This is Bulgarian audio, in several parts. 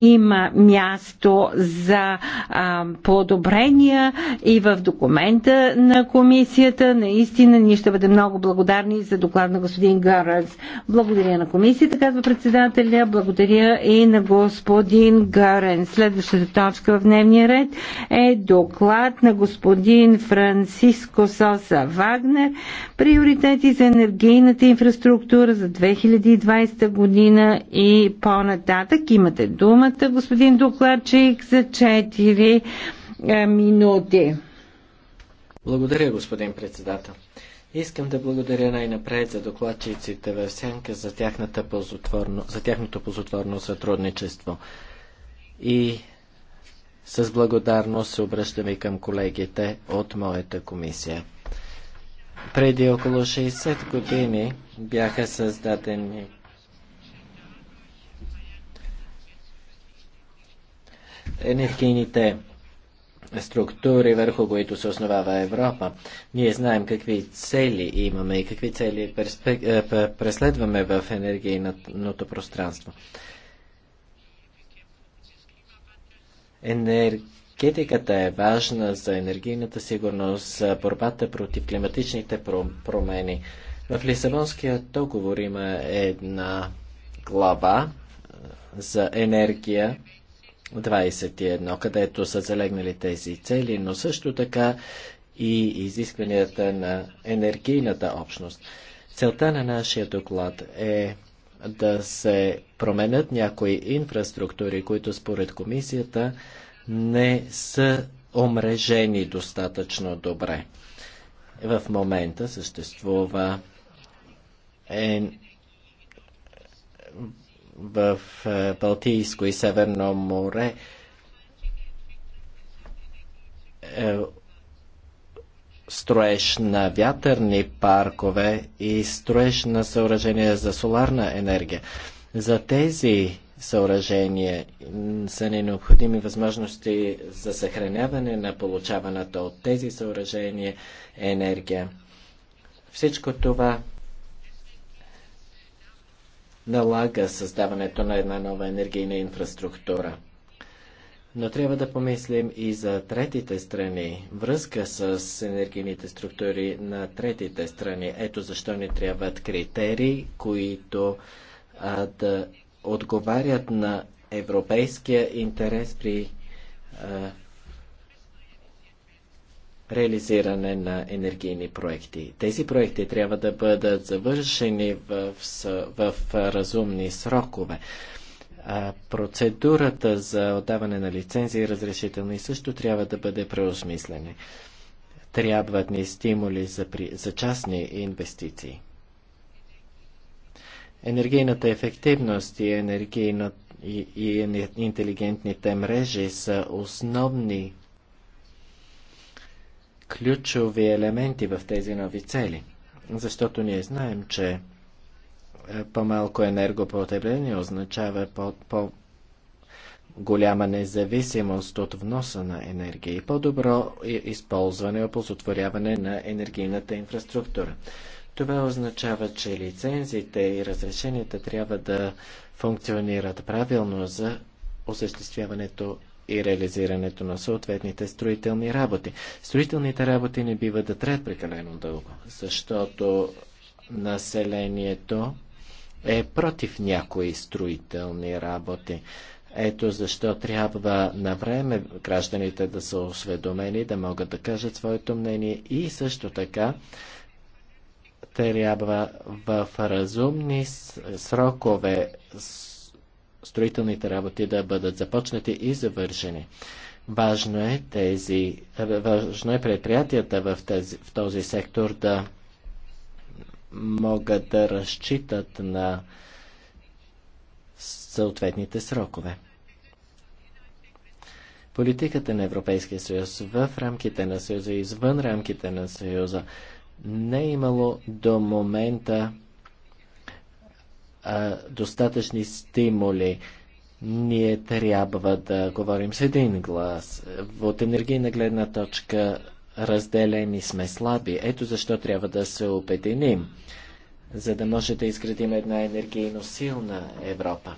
има място за а, подобрения и в документа на комисията. Наистина ние ще бъдем много благодарни за доклад на господин Гърънс. Благодаря на комисията, казва председателя. Благодаря и на господин Гърен. Следващата точка в дневния ред е доклад на господин Франциско Соса Вагнер. Приоритети за енергийната инфраструктура за 2020 година и по-нататък. Имате дума думата господин докладчик за 4 е, минути. Благодаря, господин председател. Искам да благодаря най-напред за докладчиците в Сянка за, за тяхното позотворно сътрудничество. И с благодарност се обръщам и към колегите от моята комисия. Преди около 60 години бяха създадени енергийните структури, върху които се основава Европа. Ние знаем какви цели имаме и какви цели е, преследваме в енергийното пространство. Енергетиката е важна за енергийната сигурност, за борбата против климатичните промени. В Лисабонския договор има една глава е, за енергия 21, където са залегнали тези цели, но също така и изискванията на енергийната общност. Целта на нашия доклад е да се променят някои инфраструктури, които според комисията не са омрежени достатъчно добре. В момента съществува е в е, Балтийско и Северно море е, строеж на вятърни паркове и строеж на съоръжения за соларна енергия. За тези съоръжения са ни необходими възможности за съхраняване на получаваната от тези съоръжения енергия. Всичко това налага създаването на една нова енергийна инфраструктура. Но трябва да помислим и за третите страни, връзка с енергийните структури на третите страни. Ето защо ни трябват критерии, които а, да отговарят на европейския интерес при а, реализиране на енергийни проекти. Тези проекти трябва да бъдат завършени в, в, в разумни срокове. А процедурата за отдаване на лицензии разрешителни също трябва да бъде преосмислена. Трябват ни стимули за, при, за частни инвестиции. Енергийната ефективност и, енергийно, и, и интелигентните мрежи са основни ключови елементи в тези нови цели. Защото ние знаем, че е, по-малко енергопотребление означава по- по- голяма независимост от вноса на енергия и по-добро използване и опозотворяване на енергийната инфраструктура. Това означава, че лицензите и разрешенията трябва да функционират правилно за осъществяването и реализирането на съответните строителни работи. Строителните работи не бива да трябва прекалено дълго, защото населението е против някои строителни работи. Ето защо трябва на време гражданите да са осведомени, да могат да кажат своето мнение и също така трябва в разумни срокове строителните работи да бъдат започнати и завършени. Важно е, тези, важно е предприятията в, тези, в този сектор да могат да разчитат на съответните срокове. Политиката на Европейския съюз в рамките на съюза и извън рамките на съюза не е имало до момента достатъчни стимули. Ние трябва да говорим с един глас. От енергийна гледна точка разделени сме слаби. Ето защо трябва да се обединим, за да може да изградим една енергийно силна Европа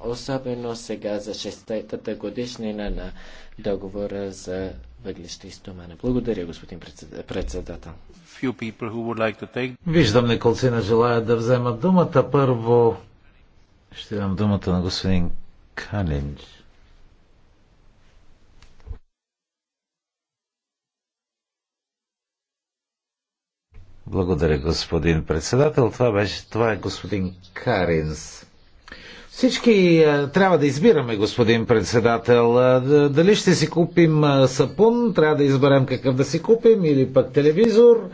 особено сега за шестетата годишнина на договора за въглища и стомана. Благодаря, господин председател. Like take... Виждам неколцина желаят да вземат думата. Първо ще дам думата на господин Калинч. Благодаря, господин председател. Това, беше, това е господин Каринс. Всички е, трябва да избираме, господин председател. Е, дали ще си купим е, сапун, трябва да изберем какъв да си купим, или пък телевизор,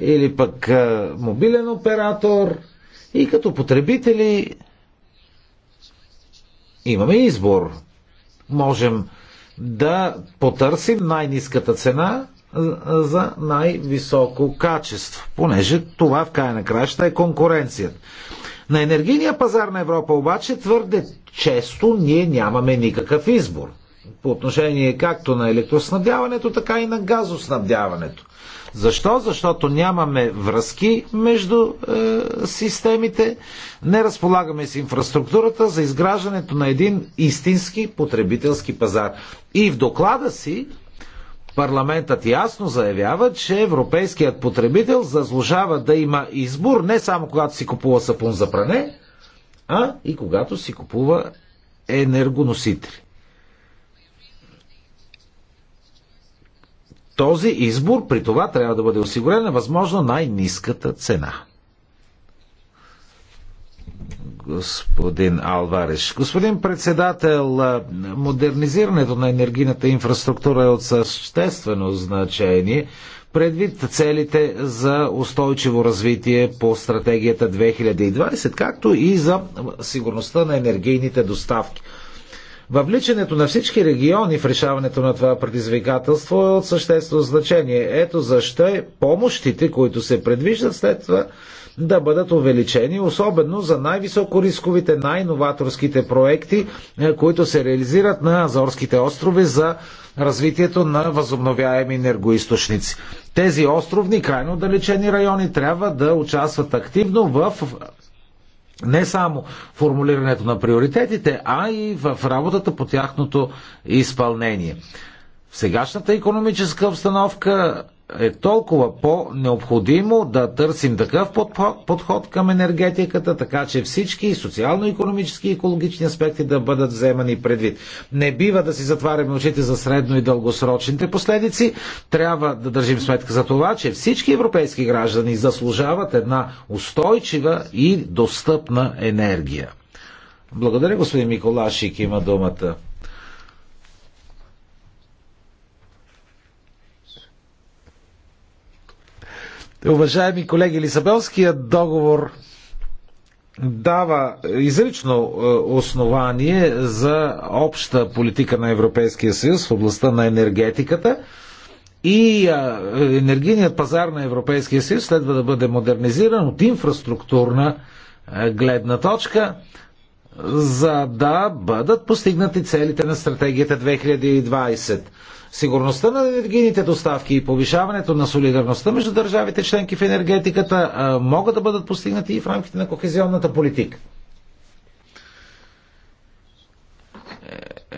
или пък мобилен оператор. И като потребители имаме избор. Можем да потърсим най-низката цена за най-високо качество, понеже това в края на краща е конкуренцията. На енергийния пазар на Европа обаче твърде често ние нямаме никакъв избор. По отношение както на електроснабдяването, така и на газоснабдяването. Защо? Защото нямаме връзки между е, системите, не разполагаме с инфраструктурата за изграждането на един истински потребителски пазар. И в доклада си Парламентът ясно заявява, че европейският потребител заслужава да има избор не само когато си купува сапун за пране, а и когато си купува енергоносители. Този избор при това трябва да бъде осигурен на възможно най-низката цена господин Алвареш. Господин председател, модернизирането на енергийната инфраструктура е от съществено значение предвид целите за устойчиво развитие по стратегията 2020, както и за сигурността на енергийните доставки. Въвличането на всички региони в решаването на това предизвикателство е от съществено значение. Ето защо е помощите, които се предвиждат след това, да бъдат увеличени, особено за най-високорисковите, най-новаторските проекти, е, които се реализират на Азорските острови за развитието на възобновяеми енергоисточници. Тези островни, крайно далечени райони трябва да участват активно в не само формулирането на приоритетите, а и в работата по тяхното изпълнение. В сегашната економическа обстановка е толкова по-необходимо да търсим такъв подход към енергетиката, така че всички социално-економически и екологични аспекти да бъдат вземани предвид. Не бива да си затваряме очите за средно и дългосрочните последици. Трябва да държим сметка за това, че всички европейски граждани заслужават една устойчива и достъпна енергия. Благодаря, господин Миколашик, има думата. Уважаеми колеги, Лисабелският договор дава изрично е, основание за обща политика на Европейския съюз в областта на енергетиката и е, енергийният пазар на Европейския съюз следва да бъде модернизиран от инфраструктурна е, гледна точка за да бъдат постигнати целите на стратегията 2020. Сигурността на енергийните доставки и повишаването на солидарността между държавите членки в енергетиката могат да бъдат постигнати и в рамките на кохезионната политика.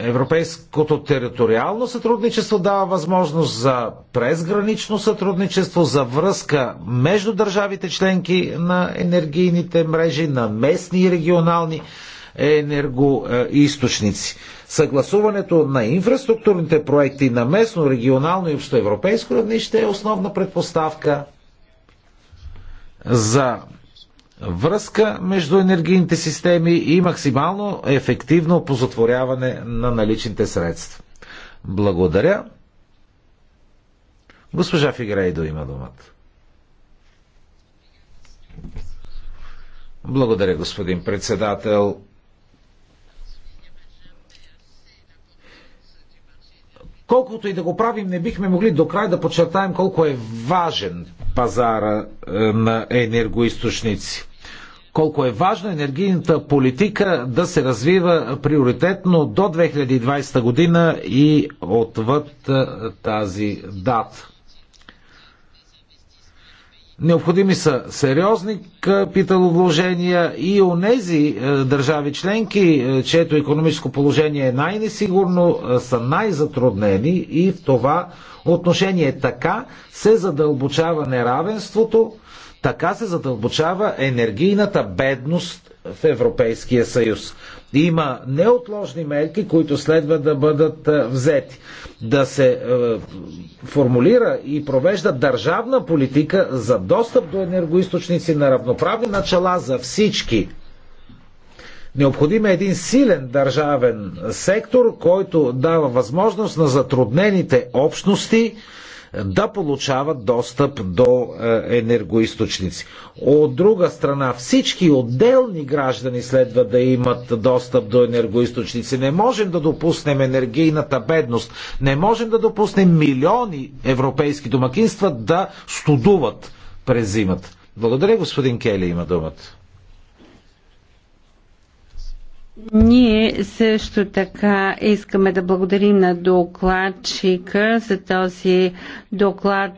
Е, европейското териториално сътрудничество дава възможност за презгранично сътрудничество, за връзка между държавите членки на енергийните мрежи, на местни и регионални енергоисточници. Съгласуването на инфраструктурните проекти на местно, регионално и общоевропейско равнище е основна предпоставка за връзка между енергийните системи и максимално ефективно позатворяване на наличните средства. Благодаря. Госпожа Фигрейдо има думата. Благодаря, господин председател. Колкото и да го правим, не бихме могли до край да подчертаем колко е важен пазара е, на енергоисточници. Колко е важна енергийната политика да се развива приоритетно до 2020 година и отвъд е, тази дата. Необходими са сериозни капиталовложения и у нези е, държави членки, е, чието економическо положение е най-несигурно, е, са най-затруднени и в това отношение така се задълбочава неравенството, така се задълбочава енергийната бедност в Европейския съюз. Има неотложни мерки, които следва да бъдат е, взети. Да се е, формулира и провежда държавна политика за достъп до енергоисточници на равноправни начала за всички Необходим е един силен държавен сектор, който дава възможност на затруднените общности да получават достъп до е, енергоисточници. От друга страна, всички отделни граждани следва да имат достъп до енергоисточници. Не можем да допуснем енергийната бедност. Не можем да допуснем милиони европейски домакинства да студуват през зимата. Благодаря, господин Кели има думата. Ние също така искаме да благодарим на докладчика за този доклад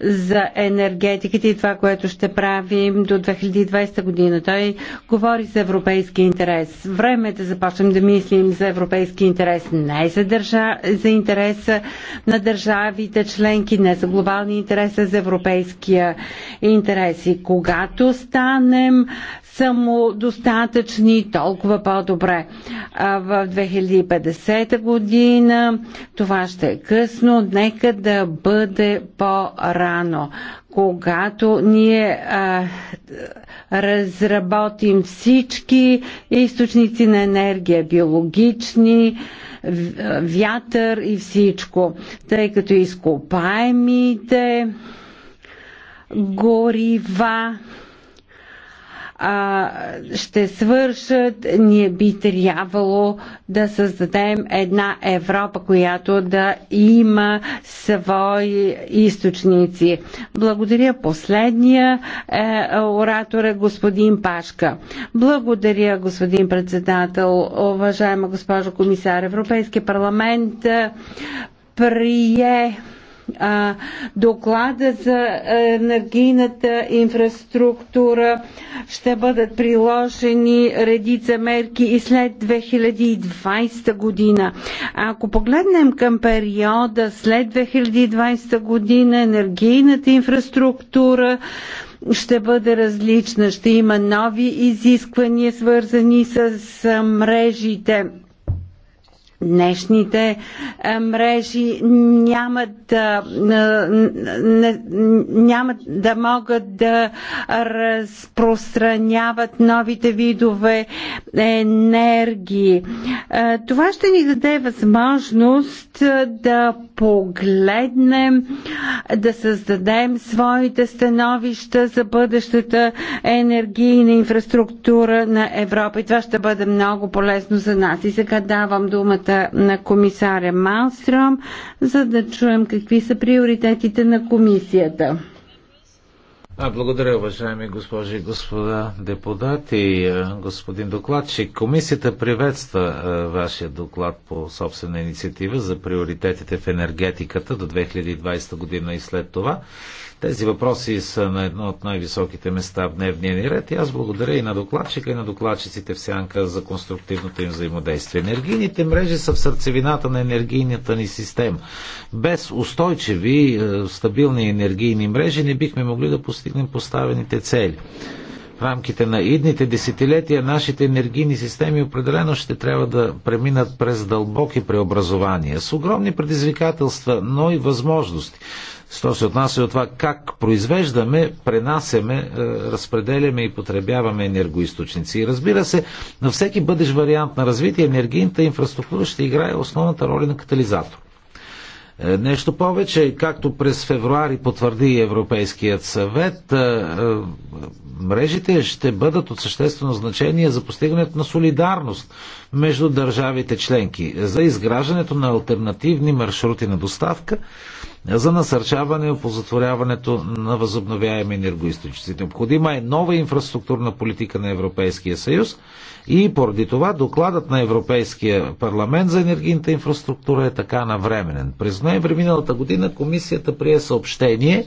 за енергетиката и това, което ще правим до 2020 година. Той говори за европейски интерес. Време е да започнем да мислим за европейски интерес, не за, държа... за интереса на държавите членки, не за глобални интерес, а за европейския интерес. И когато станем самодостатъчни, толкова по-добре. В 2050 година това ще е късно, нека да бъде по-рано. Когато ние а, разработим всички източници на енергия, биологични, вятър и всичко, тъй като изкопаемите горива, а, ще свършат, ние би трябвало да създадем една Европа, която да има свои източници. Благодаря последния е, оратор е господин Пашка. Благодаря господин председател, уважаема госпожо комисар. Европейския парламент е, прие а, доклада за енергийната инфраструктура ще бъдат приложени редица мерки и след 2020 година. Ако погледнем към периода след 2020 година, енергийната инфраструктура ще бъде различна. Ще има нови изисквания, свързани с мрежите Днешните мрежи няма да, няма да могат да разпространяват новите видове енергии. Това ще ни даде възможност да погледнем, да създадем своите становища за бъдещата енергийна инфраструктура на Европа. И това ще бъде много полезно за нас. И сега давам думата кабинета на комисаря Малстром, за да чуем какви са приоритетите на комисията. А, благодаря, уважаеми госпожи и господа депутати, господин докладчик. Комисията приветства а, вашия доклад по собствена инициатива за приоритетите в енергетиката до 2020 година и след това. Тези въпроси са на едно от най-високите места в дневния ни ред и аз благодаря и на докладчика и на докладчиците в Сянка за конструктивното им взаимодействие. Енергийните мрежи са в сърцевината на енергийната ни система. Без устойчиви, е, стабилни енергийни мрежи не бихме могли да постигнем поставените цели в рамките на идните десетилетия нашите енергийни системи определено ще трябва да преминат през дълбоки преобразования с огромни предизвикателства, но и възможности. Що се отнася от това как произвеждаме, пренасеме, е, разпределяме и потребяваме енергоисточници. И разбира се, на всеки бъдещ вариант на развитие енергийната инфраструктура ще играе основната роля на катализатор. Е, нещо повече, както през февруари потвърди Европейският съвет, е, е, мрежите ще бъдат от съществено значение за постигането на солидарност между държавите членки, за изграждането на альтернативни маршрути на доставка за насърчаване и опозатворяването на възобновяеми енергоисточници. Необходима е нова инфраструктурна политика на Европейския съюз и поради това докладът на Европейския парламент за енергийната инфраструктура е така навременен. През ноември миналата година комисията прие съобщение е,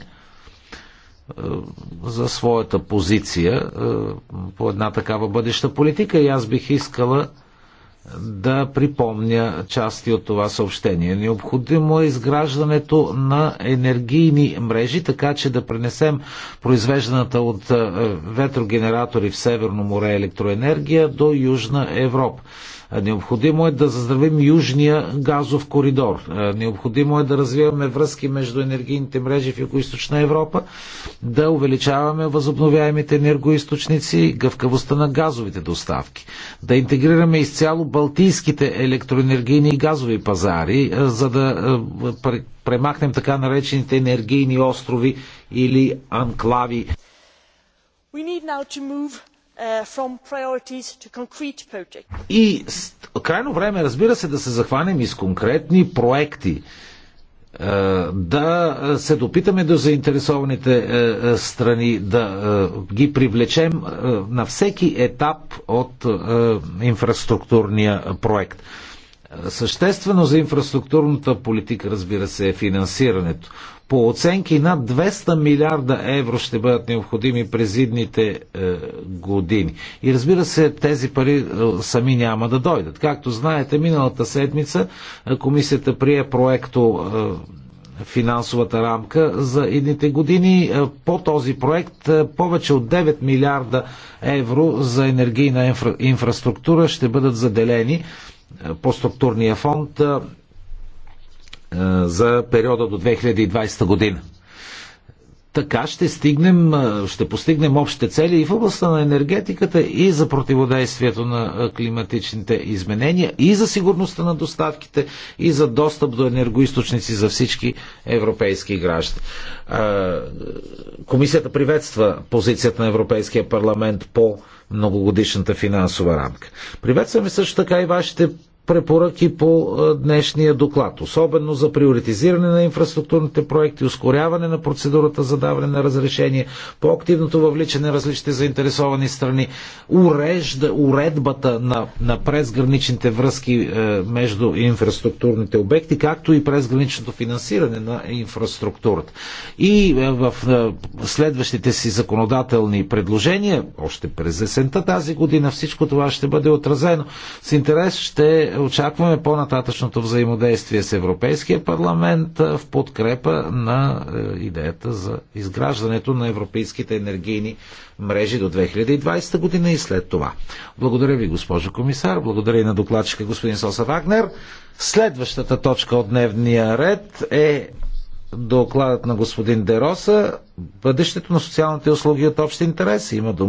за своята позиция е, по една такава бъдеща политика и аз бих искала да припомня части от това съобщение. Необходимо е изграждането на енергийни мрежи, така че да пренесем произвежданата от е, ветрогенератори в Северно море електроенергия до Южна Европа. Е, необходимо е да заздравим южния газов коридор. Е, необходимо е да развиваме връзки между енергийните мрежи в Юго-Источна Европа, да увеличаваме възобновяемите енергоисточници, гъвкавостта на газовите доставки, да интегрираме изцяло балтийските електроенергийни и газови пазари, е, за да е, премахнем така наречените енергийни острови или анклави. Е, и крайно време, разбира се, да се захванем и с конкретни проекти е, да се допитаме до заинтересованите е, е, страни, да ги привлечем на всеки етап от инфраструктурния проект. Съществено за инфраструктурната политика, разбира се, е финансирането. По оценки над 200 милиарда евро ще бъдат необходими през идните е, години. И разбира се, тези пари е, сами няма да дойдат. Както знаете, миналата седмица е, комисията прие проекто е, финансовата рамка за едните години. Е, по този проект е, повече от 9 милиарда евро за енергийна инфра, инфраструктура ще бъдат заделени по структурния фонд за периода до 2020 година така ще стигнем, ще постигнем общите цели и в областта на енергетиката, и за противодействието на климатичните изменения, и за сигурността на доставките, и за достъп до енергоисточници за всички европейски граждани. Комисията приветства позицията на Европейския парламент по многогодишната финансова рамка. Приветстваме също така и вашите препоръки по е, днешния доклад, особено за приоритизиране на инфраструктурните проекти, ускоряване на процедурата за даване на разрешение, по-активното въвличане на различните заинтересовани страни, урежда, уредбата на, на презграничните връзки е, между инфраструктурните обекти, както и презграничното финансиране на инфраструктурата. И е, в е, следващите си законодателни предложения, още през есента тази година, всичко това ще бъде отразено. С интерес ще е, очакваме по-нататъчното взаимодействие с Европейския парламент в подкрепа на е, идеята за изграждането на европейските енергийни мрежи до 2020 година и след това. Благодаря ви, госпожо комисар. Благодаря и на докладчика господин Соса Вагнер. Следващата точка от дневния ред е докладът на господин Дероса. Бъдещето на социалните услуги от общ интерес. Има дума